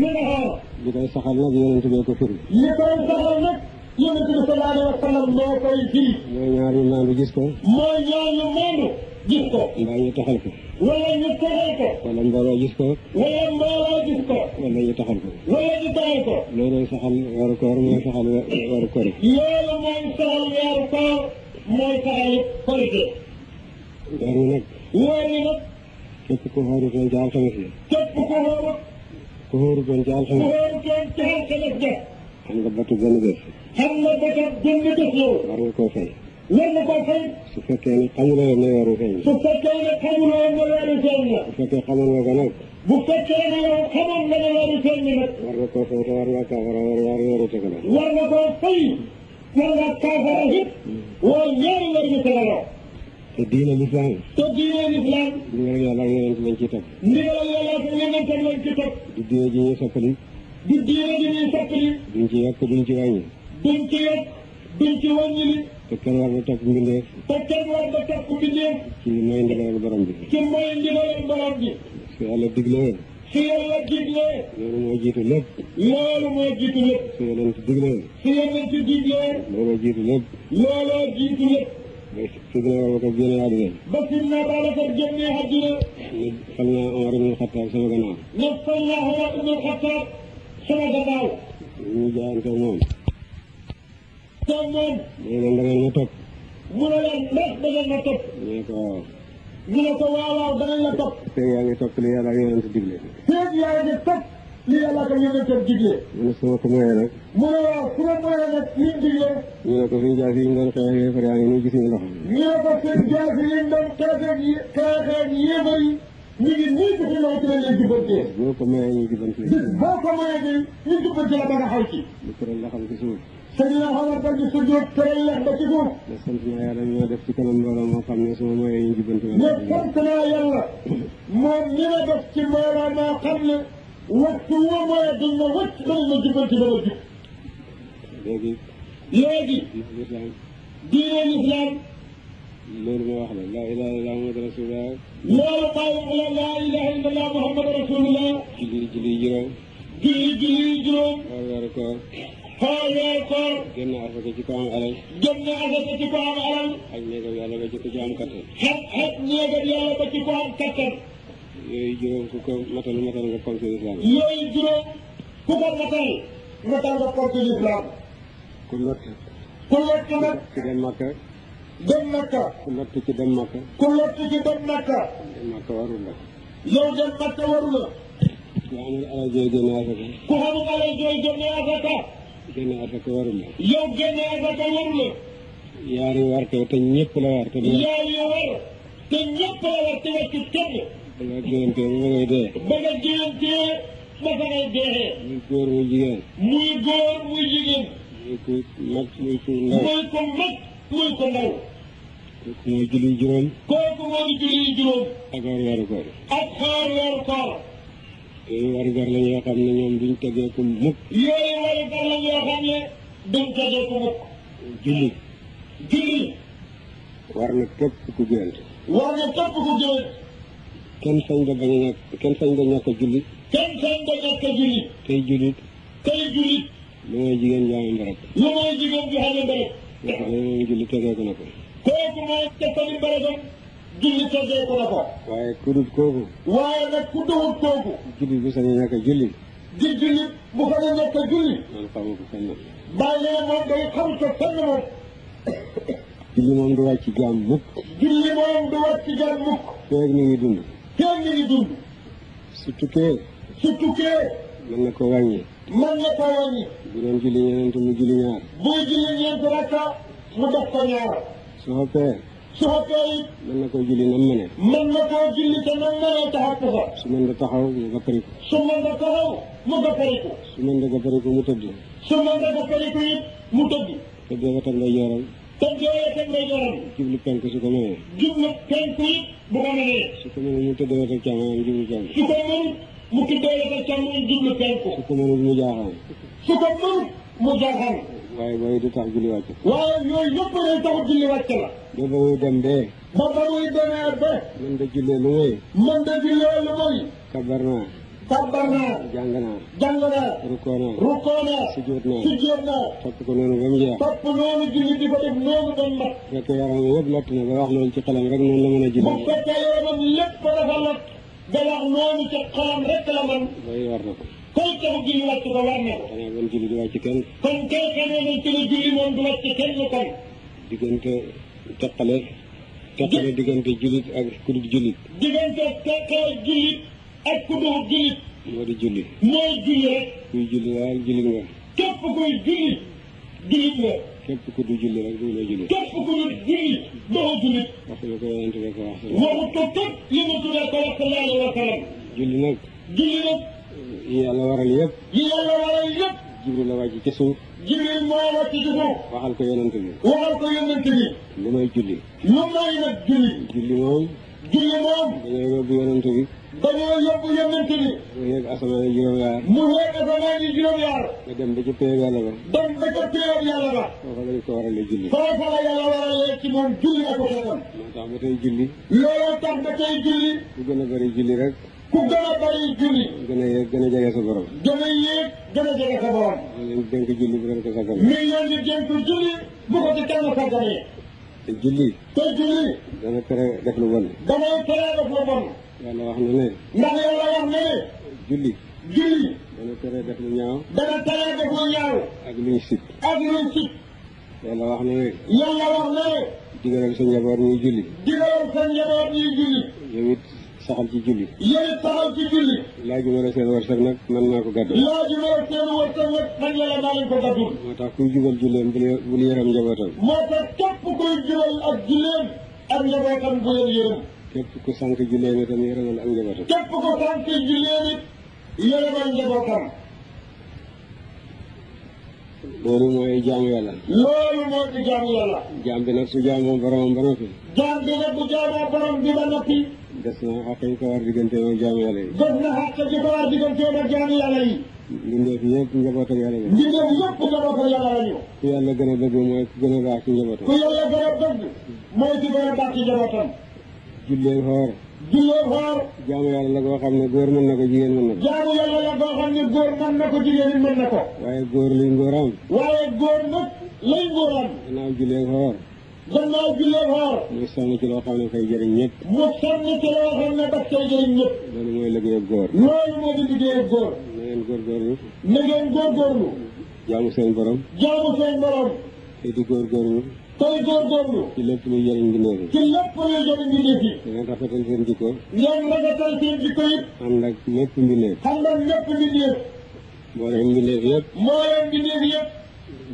mi nahaara li koy saxal nag yonent bee ko firi li koy saxal nag yonent bi sallallahu alayhi wa sallam moo koy firi mooy ñaar ñu maandu gis ko mooy ñaar ñu maandu gis ko mbaa ñu taxal ko wala ñu taxal ko wala mbooloo gis ko wala mbooloo gis ko wala ñu taxal ko wala ñu taxal ko loolu saxal weeru koor mooy saxal weeru koor loolu mooy saxal weeru koor mooy saxal korite weer wi nag weer wi nag képp ku xoorutoon jaar tamit képp ku xoorut ku wóorugoon ci alxames. ku wóorugoon ci alxames de. xam nga batu benn bés. xam nga batu benn bés yow. war nga koo fay. war nga koo fay. su fekkee ne xamuloo ne weeru feeñ. su fekkee ne xamuloo ne weeru feeñ la. bu fekkee xamoon nga ko nag. bu fekkee ne yow xamoon nga ne weeru feeñ la nag. war nga koo fay te war ngaa kaafara war weeru tëgg la. war nga koo fay. war nga kaafara it. Mm. woo ñaari weer yu tëgg la. te diine lislaam. te diine lislaam. ndigal yàlla ak yonent lañ ciy teg. ndigal yàlla ak yonent lañ ciy teg. du diine ji ñuy soppali. du diine ji ñuy soppali. duñ ci yokk duñ ci wàññi. duñ ci yokk duñ ci wàññi li. te kenn war na topp mbindeef. te kenn war na topp mbindeef. ci mooy ndigalal borom bi. ci mooy ndigalal borom bi. su yàlla diglee. su yàlla diglee. loolu moo jiitu lépp. loolu moo jiitu lépp. su yonent diglee. su yonent diglee. looloo jiitu lépp. looloo jiitu lépp. Sidina Abubakar génne àdduna. ba Sidina Abubakar génne àdduna. ne fal naa Omar ibn Xattaab sama gannaaw. ne fal naa Omar ibn Xattaab sama gannaaw. ñu jaayante moom. toog moom. mu ne da ngeen ma topp. mu ne leen ndax da ngeen ma topp. ñu ne ko waaw. ñu ne ko waaw waaw da ngeen ma topp. feeg yaa ngi topp li yàlla ak yonent digle. feeg yaa ngi topp. lii yàlla ka yonentam digle. mu ne su ma ko moyee nag. mu ne waaw su ma moyee nag li mu digle. ñu ne ko suñu jaasi yi ñu doon xeexee far yaa ngi nii gis ñu ndox mi. ñu ne ko seen jaasi yi ñu doon xeexee xeexee yéefar yi ñu ngi nii gis ñu ci lañ leen jubbantee. boo ko moyee ñu jubbante. boo ko moyee day ñu jubbante la ba nga xaw ci. lu tëral la xam ci suuf. Seydina Omar ba ci sujjóot tëral lex ba ci suuf. mais sant naa yàlla ñoo def ci kanam mbooloo moo xam ne su ma moyee ñu jubbante la. mais sant naa yàlla moom ñi ma def ci mbooloo moo xam ne waxtu woo mooy dañ ma wëcc ba ma jubal ci ba ma jub. léegi. léegi. diine lislaam. loolu ma wax la laa ilaha illallah muhammad rasulullah. loolu ma wax la laa ilaha illallah muhammad rasulullah. julli julli juróom. julli julli juróom. xool weeru koor. xool weeru koor. génn asaka ci ko am alal. génn asaka ci ko am alal. xaj néegam yàlla ba ci ko ci am kattan. xaj xaj néegam yàlla ba ci ko am kattan. yooyu juróom ku ko matal matal nga ponk lislaam. yooyu juróom ku ko matal matal nga ponk lislaam. ku lott. ku lott nag. ci dem Makka. dem Makka. ku lott ci dem Makka. ku lott ci dem Makka. dem Makka warul la. yow dem Makka warul la. ku amul alal jooy génne asaka. ku amul alal jooy génne asaka. génne asaka warul la. yow génne asaka warul la. yaari war te ñëpp la war te. yaari war te ñëpp la war te wàccu kenn. ba nga gënantee ba fa ngay dee. ba nga gënantee ba fa ngay dee. muy góor muy jigéen. muy góor muy jigéen. muy ko mag muy ko ndaw. muy ko mag muy ko ndaw. kooku mooy julli juróom. kooku mooy julli juróom. ak xaar weeru koor. ak xaar weeru koor. yooyu warugar la ñoo xam ne ñoom duñ tegee ko mukk. yooyu warugar la ñoo xam ne duñ tegee ko mukk. julli. julli. war na képp ku gën. war na képp ku gën. kenn sañ nga bañ a ñàkk kenn sañ nga ñàkk a julli. kenn sañ nga a julli. lu mooy jigéen ñaari mbarab. lu mooy jigéen bi xamee mbarab. kooku mooy tefali mbarabam. julli tegee ko na ko. waaye ku dut kooku. waaye nag ku duwut kooku. jullit bu sañ a ñàkk a julli. bu ko doon ñàkk julli. loolu moom day xam ko fenn moom. julli moom du wàcc jaam mukk. julli moom du wàcc jaam mukk. feeg mi ngi dund. feeg mi ngi dund. su tukkee. su na ko wàññi. mën na ko wàññi. bu doon julli ñeent mu julli ñaar. buy julli ñeent rakka ah, mu def ko ñaar. su xoppee. su xoppee it. mën na koo julli nam mënee. mën na koo julli te nam mënee taxaw ko fa. su mën da taxaw mu gappari ko. su mën da taxaw mu gappari su mën da gappari it mu tëdd. tëddee ba tam lay tànk yooyee teg ngay joram. jublu penk su ko mënee. jublu penk yi bu ko mënee. su ko mënee mu tëddee sa càmmoñ jublu penk. su ko mënut mu tëddee sa càmmoñ jublu penk. su ko mënut mu jaaxal. su ko mënut mu jaaxal. waaye booy du tax julli wàcc. waaye yooyu yëpp day tax julli wàcc la. ba ba muy dem bee. ba ba muy demee ba. man de jullee lu mooy. man de jullee lu mooy. kabar naa. kàbbar naa. jàng naa. jàng naa. rukkoo naa. rukkoo naa. sujjóot naa. sujjóot naa. topp ko noonu ba mu jeex. topp noonu julli di ko def noonu ba mu mat. fekk yaram yëpp lott na ba wax loolu ci xelam rek noonu la mën a ji. bu fekkee yaramam lépp dafa lott. ba wax noonu ci xelam rek la man. loolu war na ko. kon taxu julli wàcc ko war na ko. xanaa kon julli du wàcc kenn. kon kay xamee ne ci la julli moom du wàcc kenn kon. diggante teqale. teqale diggante jullit ak ku dul jullit. diggante teqale jullit. ak ku dul jullit. moo di jullit. mooy julli kuy jullit nga. jullit jullit jullit. képp jullit doo jullit. waxuñu ko yonent bi ko yi yàlla waral yëpp. yi yàlla waral yëpp. Jibril la wàcc ci suuf. Jibril moo wàcc ci suuf. waxal ko yonent bi. waxal ko yonent bi. lu may julli. lu may nag julli. julli moom. julli moom. dañoo yóbbu yonent bi. dañoo mu yegg asamaan yi mu yegg asamaan yi juróom-ñaar. nga dem ba ca péew julli. foofa la yàlla julli ak tax ba tey julli. looloo tax ba tey julli. ku gën a julli rek. ku gën a julli. gën yéeg gën a jege sa yéeg gën a jege sa borom. julli bu ko sàggane. kenn sàggane te julli. te julli. dana tere def lu bon. dana tere def lu bon. yàlla tere def lu ñaaw. dana tere def lu ñaaw. ak luñ sib. ak luñ sib. yàlla wax na ne. yàlla wax ne. digalal sa njaboot ñuy julli. digalal sa njaboot ñuy julli. yow saxal ci julli. yéen saxal ci julli. laaju ma ne seen wërsëg nag man naa ko gàddu. laaju ma ne seen wërsëg nag man naa ko gàddu. moo tax kuy jubal julleem bul yërëm njabootam. moo tax képp kuy jubal ak julleem ak njabootam bu leen képp ku sànq julleem itam yërëmal ak njabootam. képp ku sànq julleem it yërëmal njabootam. loolu mooy jaamu yàlla. loolu moo di jaamu yàlla. jaam bi nag su jaamoo boromam ba noppi. jaam bi nag bu jaamoo borom bi ba des na xàq yi ko war diggante ak jaamu yàlla yi. des na xàq yi ko war diggante ak jaamu yàlla yi. mbindeef yëpp njaboot yàlla lañu. mbindeef yëpp njabootam. ku njabootam. jullee xoor. jullee xoor. jaamu yàlla la koo xam ne góor mën na ko jigéen mën na ko. waaye góor liy ngóoram. waaye góor nag lay ngóoram. ginnaaw jullee xoor. gannaaw bi leen xaar. mu sonn ci loo xam ne fay jëriñ ñëpp. mu sonn ci loo xam ne daf koy jëriñ ñëpp. loolu mooy liggéeyub góor. loolu moo di liggéeyub góor. na ngeen góorgóorlu. na ngeen góorgóorlu. jaamu seen borom. jaamu seen borom. te di góorgóorlu. tey góorgóorlu. ci lépp luy jëriñ bindee fi. ci lépp luy jëriñ bindee fi. ngeen rafetal seen jikko. ngeen rafetal seen jikko it. ànd ak ñëpp mbindeef. ànd ak ñëpp mbindeef. mboolem mbindeef yëpp. mboolem mbindeef yëpp.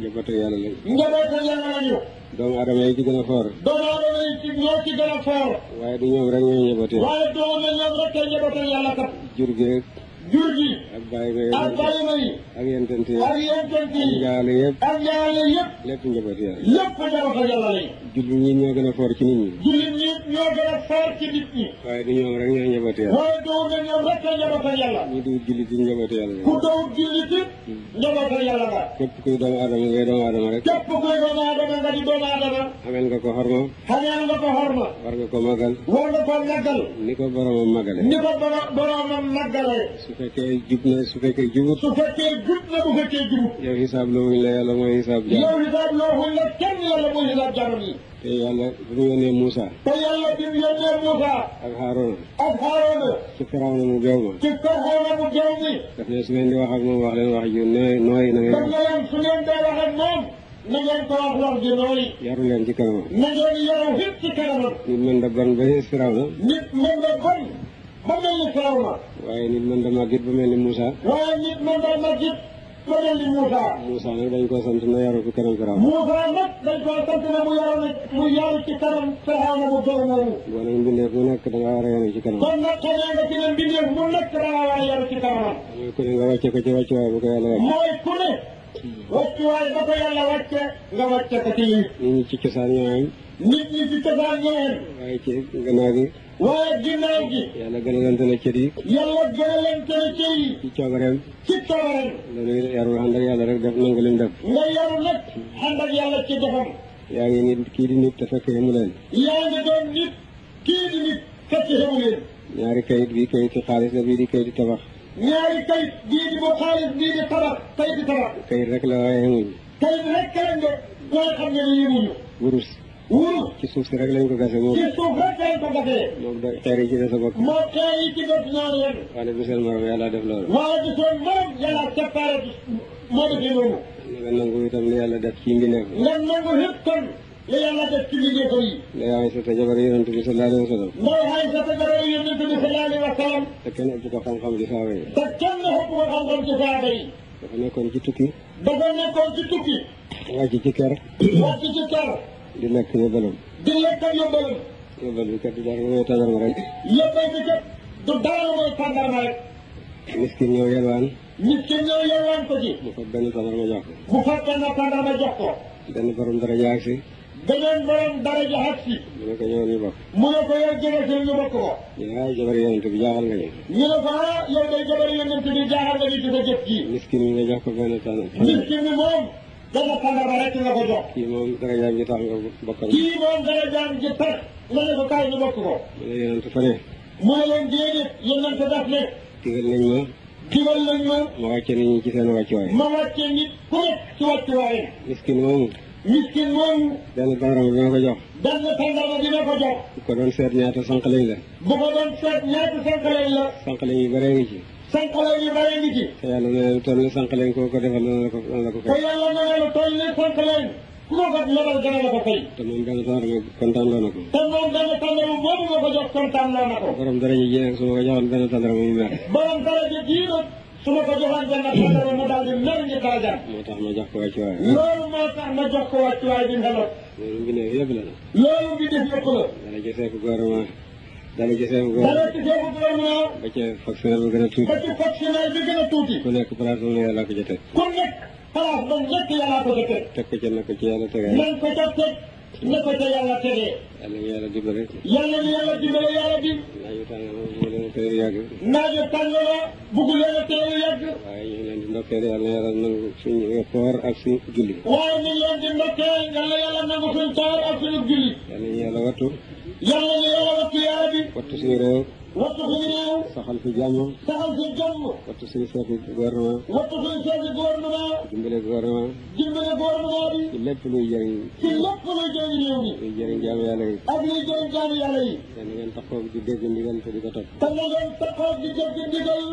njabootu yàlla lañu. njabootu yàlla lañu. doomu aadama yi ci gën a foor. doomu aadama yi ci foor. waaye du ñoom rek ñooy njaboote. waaye doomu ñoom rek ñooy njaboote yàlla jur gi rek. jur gi ak bàyyi ma yi ak bàyyi ma yi ak yentante yi ak yentante yi ak jaale yëpp ak jaale yëpp lépp njaboot yàlla lépp njaboot yàlla lañ jullit ñi ñoo gën a foor ci nit ñi jullit ñi ñoo gën a foor ci nit ñi waaye du ñoom rek ñoo njaboot yàlla waaye doo na ñoom rek a njaboot yàlla ñu dugg jullit yi njaboot yàlla ku dawut jullit yi njaboot yàlla nga képp kuy doomu aadama ngay doomu aadama rek képp kuy doomu aadama nga di doomu aadama xameel nga ko xorma xameel nga ko xorma war nga ko magal war nga ko magal ni ko boromam magale ni ko boromam magale su fekkee jub na su fekkee jubut. su fekkee jub jubut. yow xisaab la wuñ la yàlla mooy xisaab jaam te yàlla bi mu yónnee Moussa. te yàlla bi mu yónnee ak Haarona. ak Haarona. ci faraw na mu geew ma. ci faraw mu geew mi. daf ne su leen di wax ak na ngeen ko wax wax ju nooy. yaru leen ci kanamam. na ngeen yaru xit ci kanamam. nit mën da bon ba xees firaw na. nit mën da bon. ba mel ni Firawna. waaye nit man dama git ba mel ni Moussa. waaye nit man dama git ba mel ni Moussa. Moussa nag dañ koo sant yaru ci kanam Firawna. Moussa nag dañ koo sant mu yaru ci kanam Firawna mu gën a naru. nag mbindeef mu nekk da ngaa war a yaru ci kanam. da ci kanam. mooy ku ne nga wàcce ko ci wàccuwaay bu ko yàlla wàcce. mooy ku ne. wàccuwaay ba ko yàlla wàcce. nga wàcce ko ci lii. nit ñi ci cosaan nit ñi ci cosaan ñëwoon. waaye ci gannaaw gi. waaye ginnaaw gi. yàlla gënalante na cër yi. yàlla gënalante na cër yi. ci coobareem. ci coobareem. loolu yarul ànd ak yàlla rek def nangu lim def. nga yarul nag ànd ak yàlla ci defam. yaa ngi nit kii di nit te fekk xamu leen. yaa ngi doon nit kii di nit fekk xamu leen. ñaari kayit bii kayit ci xaalis la bii di kayit tabax. ñaari kayit bii di ba xaalis bii di tabax kayit tabax. kayit rek la waaye xamuñu. kayit rek kenn de waaye xam nga ne yënguñu. wurus. wóorul ci suuf si rek lañ ko gasee moom. ci suuf rek lañ ko gasee. moom da xeer yi ci des a bokk. moo xeer yi ci bët ñaar yéen. waaye du def loolu. waaye du seen nangu itam li yàlla def ci mbindeef. nga nangu lépp kon li yàlla def ci mbindeef yi. nday Aysata jabar yonent bi sallallahu alayhi wa sallam. nday Aysata jabar yonent bi sallallahu alayhi ko xam-xam ci saaba yi. kenn ëpp ko xam ci saaba yi. dafa nekkoon ci tukki. ci tukki. wàcc ci ci kër. di lekk yóbbalam. di lekk yóbbalam. yóbbal bi kat du dara mooy tàndarma rek. yóbbal bi kat du dara mooy tàndarma rek. miskin ñëw yelwaan. miskin ñëw yelwaan ko ci. mu fab benn tàndarma jox ko. mu fab benn tàndarma jox ko. benn borom dara jaag si. beneen borom dara jaag si. mu ne ko ñëw ñu bokk. mu ne ko yow jëlee si ñu bokk ko. yaa jabar yonent bi jaaxal nga ñu. ñu ne ko ah yow day jabar yonent bi jaaxal nga ñu ci sa jëf ji. miskin mi nga jox ko benn tàndarma. miskin mi moom. dama tàndarma rek nga ko jox. kii moom dara jaam ji tax nga la ko. kii moom dara jaam ji tax nga ne ko kaay ñu bokk ko. mu ne yonent fa ne. mu ne leen déedéet yonent daf ne. digal nañ ma. digal nañ ma. ma wàcce nit ñi ci seen wàccuwaay. ma wàcce nit ku nekk ci wàccuwaay. miskin moomu. miskin moomu. benn tàndarma bi ma ko jox. benn tàndarma bi ma ko jox. bu ko doon seet ñaata sànq la. bu ko doon seet ñaata sànq la. sànq lañ yu ci. sànqale yu bare ngi ci. ko ko defal noonu la ko noonu la ko fay. te yàlla nee na lu toll ni sànq leen ku ma ko lebal gën a la ko fay. te moom benn tànn bi kontaan loo na ko. te moom benn tànn bi boobu nga ko jox kontaan loo na ko. borom dara ma ko joxoon benn tànn mu mer. borom dara ji jii nag su ma ko joxoon benn tànn mu daal di mer ma jox ko wàccuwaay. loolu moo tax ma jox ko ne yëpp la. loolu bi def yëpp la. dara ji fekk gouvernement. dala gisee mu gën a. dala gisee mu gën ba ci fonctionnaire bi gën a tuuti. ba ci fonctionnaire bi gën a tuuti. ku nekk place boobu yàlla ko jotee. ku nekk place ba nekk yàlla ko teg ko ca na ci yàlla tegee. nañ ko ca ko ca yàlla tegee. yàlla ñu yàlla dimbale. yàlla yàlla dimbale yàlla la ngi leen di ndokkeel yàlla yàlla nangu suñu koor ak suñu julli. di ndokkeel yàlla yàlla yàlla wattu yàlla na yowal ak yàlla bi. wattu suñu réew. wattu suñu réew. saxal fi jàmm. saxal fi jàmm. wattu suñu seefi gouvernement. wattu suñu seefi gouvernement. dimbale gouvernement. dimbale gouvernement bi. ci lépp luy jëriñ. ci lépp luy jëriñ réew mi. luy jëriñ jaamu yàlla yi. ak luy jëriñ jaamu yàlla yi. te na ngeen taxaw di dégg ndigal te di ko topp. te na ngeen taxaw di dégg ndigal.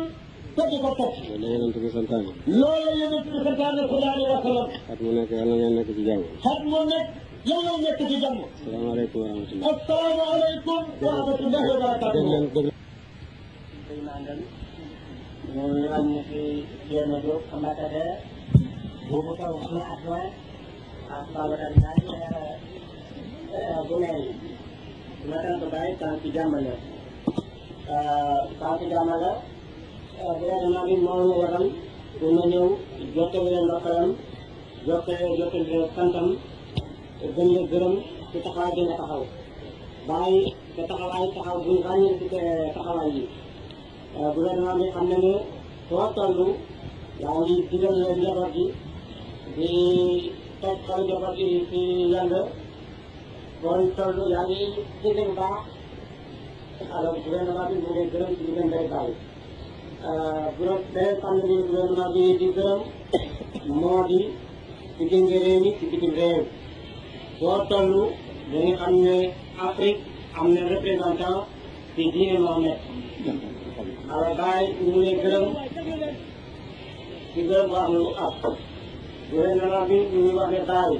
te di ko topp. loolu la yonent bi santaane. loolu la yonent bi santaane sallallahu alayhi wa sallam. xat mu nekk yàlla ngeen nekk ci jàmm. xat mu nekk. yow yow nekk ci jàmm. asalaamaaleykum wa rahmatulah. asalaamaaleykum wa rahmatulah wa barakaatuh. ñooñu am na fi Thierno Diop ambassadeur boobu taw am na ak doyen ak Babacar Ndiaye eh, eh, bu mel ni ma sant Baye tant que jàmm la eh, tant que jàmm la gouvernement bi moo ñu waral ñu ñëw jottali leen ndokkalam jottali jottali santam te gën la gërëm ci taxawaay bi nga taxaw bàyyi te taxawaay taxaw buñ ràññil ci taxawaay yi euh, gouvernement bi xam na ne foo toll yaa ngi digal la njaboot gi di teg xel njaboot gi ci yàlla foo yaa ngi digle bu baax alors gouvernement bi mu ngi gërëm ci li ngeen day bàyyi buroog beneen fànn bitim réew boo toll da nga xam ne am na représentant ci diine Mohamed alors Baye ñu ngi lay gërëm di gërëm bu am lu ab gouvernement bi ñu ngi wax ne Baye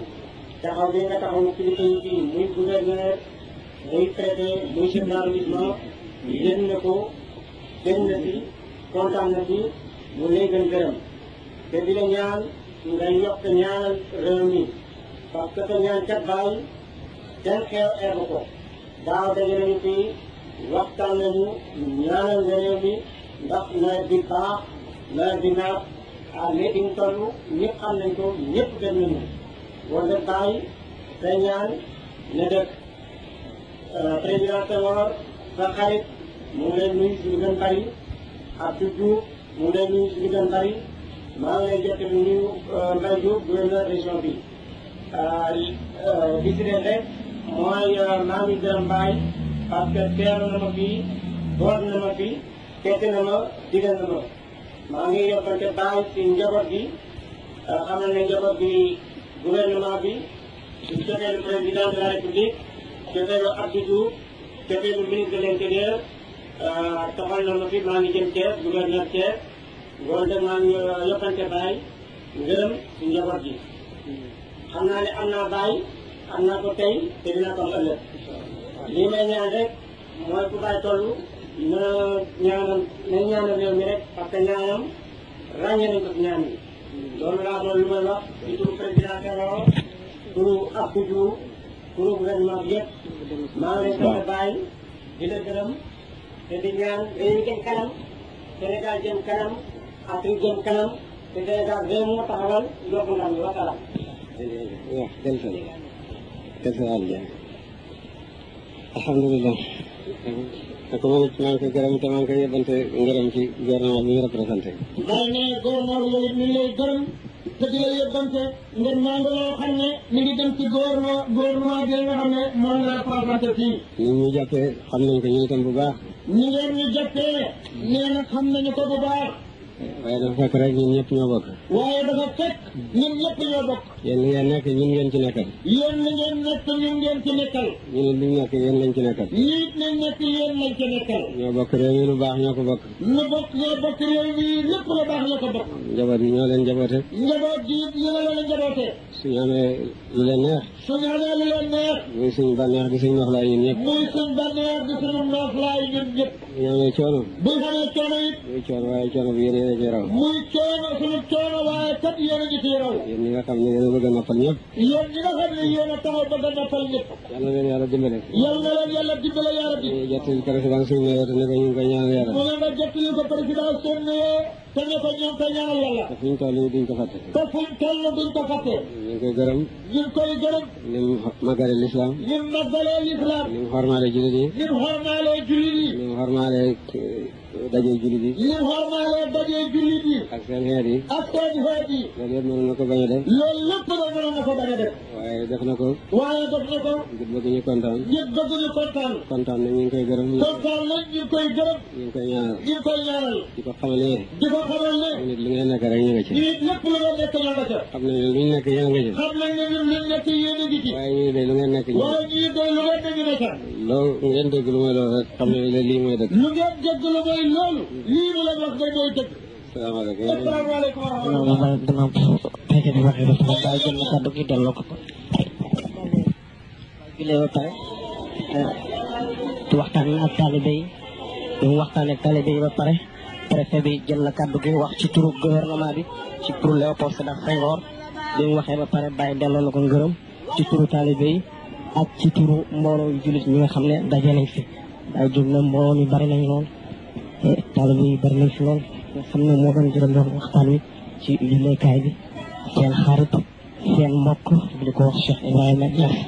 taxaw bi nga taxaw kilifa yi fii muy gouverneur muy préfet muy chef d'arrondissement yéen na ko gën na ci kontaan na ci mu lay gën gërëm te di la ñaan nga yokk ñaanal réew mi parce que ñaan kat bàyyi ten xew eebu ko daaw daje nañu fii waxtaan nañu ñaanal réew mi ndax nawet bi baax nawet bi naat ah léegi ñu toll xam nañ ko ñëpp dem nañu war na bàyyi te ñaan ne dëkk euh, président Senghor sa xarit mu ngi leen nuyu suñu gën bari Abdou Diouf mu ngi leen nuyu suñu gën bari maa ngi lay jot a nuyu euh, Mbaye Diouf gouverneur région bi visiter rek mooy maami Dore Mbaye parce que na ma fii boot na ma fii tekk na ma digal na ma maa ngi yokkante bàyyi si njaboot bi xamal ne njaboot bi gouvernement bi suñu jotee lu président de la république jotee lu Abdou Diouf jotee lu ministre de l'intérieur taxal na ma fi maa ngi jëm Thiès gouverneur Thiès loolu de maa ngi yokkante bàyyi ngërëm si njaboot bi xam naa ne am naa bàyyi am naa ko tey te dina ko am lii may ñaan rek mooy ku bàyyi na ñaanal na ñaanal mi rek parce que ñaanam ràññee nañ ko ci ñaan yi loolu lu may wax di turu président Senghor turu Abdou Diouf turu gouvernement bi yëpp maa ngi lay gën a bàyyi di la te di ñaan réew mi jëm kanam Sénégal jëm kanam Afrique jëm kanam te Sénégal réew moo taxawal yokku ndam yi wasalaam يختلف كثر الجهل الحمد لله ak moom it ngi koy gërëm te maa ngi koy yóbbante ngërëm ci gouvernement bi ñu représenté. daal ne gouvernement bi ñu ngi lay gërëm te di xam ne mi ngi dem ci gouvernement nga xam ne moo xam bu baax. na xam nañu baax. waaye dafa fekk rek ñun ñëpp ñoo bokk. waaye dafa fekk ñun ñëpp ñoo bokk. yéen li ngeen nekk ñun ngeen ci nekkal. yéen li ngeen nekk ñun ngeen ci nekkal. ñu ne li ñu nekk yéen lañ ci nekkal. lii it nañ nekk yéen lañ ci nekkal. ñoo bokk réew mi lu baax ñoo ko bokk. lu bokk ñoo bokk réew mi lépp lu baax ñoo ko bokk. njaboot yi ñoo leen njaboote. njaboot yi ñu la leen njaboote. suñu amee lu leen neex. suñu amee lu leen neex. muy suñu bànneex di suñu noflaay ñun ñëpp. muy suñu bànneex di suñu noflaay ñun ñëpp. bu ñu amee coono. bu ñu amee coono it. muy coono waaye coono bi yéen yéen a ciy raw. muy coono suñu coono waaye kat yéen a ngi ciy raw. yéen ñi nga xam ne yéen a bëgg a noppal ñëpp. yéen ñi nga xam ne yéen a taxaw bëgg a noppal ñëpp. yal na leen yàlla dimbale. yal na leen yàlla dimbale yaa rabbi. ñu jottali président suñu nuyoo te ne ko ñu ngi koy ñaanal yàlla. mu nga jottali ko président suñu nuyoo te ne ko ñu ngi koy ñaanal yàlla. te fuñ toll duñ ko fàtte. te fuñ toll duñ ko fàtte. ñu ngi koy gërëm. ñu ngi koy gërëm. ni mu màggalee lislaam. ni mu màggalee lislaam. ni mu xormaalee jullit yi. ni mu xormaalee jullit yi. ni mu xormaalee dajee jullit yi. li xormaalee dajee jullit yi. ak seen xeet yi. ak seen xeet yi. loolu yëpp mënoon na ko bañ a def. loolu lépp da mënoon na ko bañ a def. waaye def na ko. waaye def na ko. ngir bëgg ñu kontaan. ngir bëgg ñu kontaan. kontaan na ñu ngi koy gërëm. kontaan na ñu ngi koy gërëm. ñu ngi koy ñaanal. ñu ngi koy ñaanal. di ko xamal ne. di ko xamal ne. nit lu ngeen nekk rek ñu nga ci. nit lépp lu ngeen nekk ñoo nga ca. xam nañ ne lu ñu nekk yéen a ngi ci. xam nañ ne lu ñu nekk yéen a ngi ci. waaye ñii de lu ngeen nekk ñu. waaye ñii de lu ngeen nekk ñu ne ca. loolu ngeen dégg lu mooy loolu rek xam nañ ne lii mooy dëgg. lu ngeen dégg lu mooy loolu lii mu la wax ba mooy dëgg. salaamaaleykum asalaamaaleykum wa rahmatulah. gannaaw baykat bàyyi jël waxtaan na ak taalibe yi bi mu waxtaanee ak taalibe yi ba pare préfet bi jël na kàddu gi wax ci turu gouvernement bi ci pour Léopold Sédar Senghor bi mu waxee ba pare bàyyi delloo na ko ngërëm ci turu taalibe ak ci turu mbooloo yu jullit ñi nga xam ne daje nañ fi. waaye jóg mbooloo mi bari nañ lool. taalibe yi bari nañ fi lool nga xam ne moo doon jural loolu waxtaan wi ci julleekaay bi seen xarit seen mbokk di ko wax Cheikh Ibrahima Niass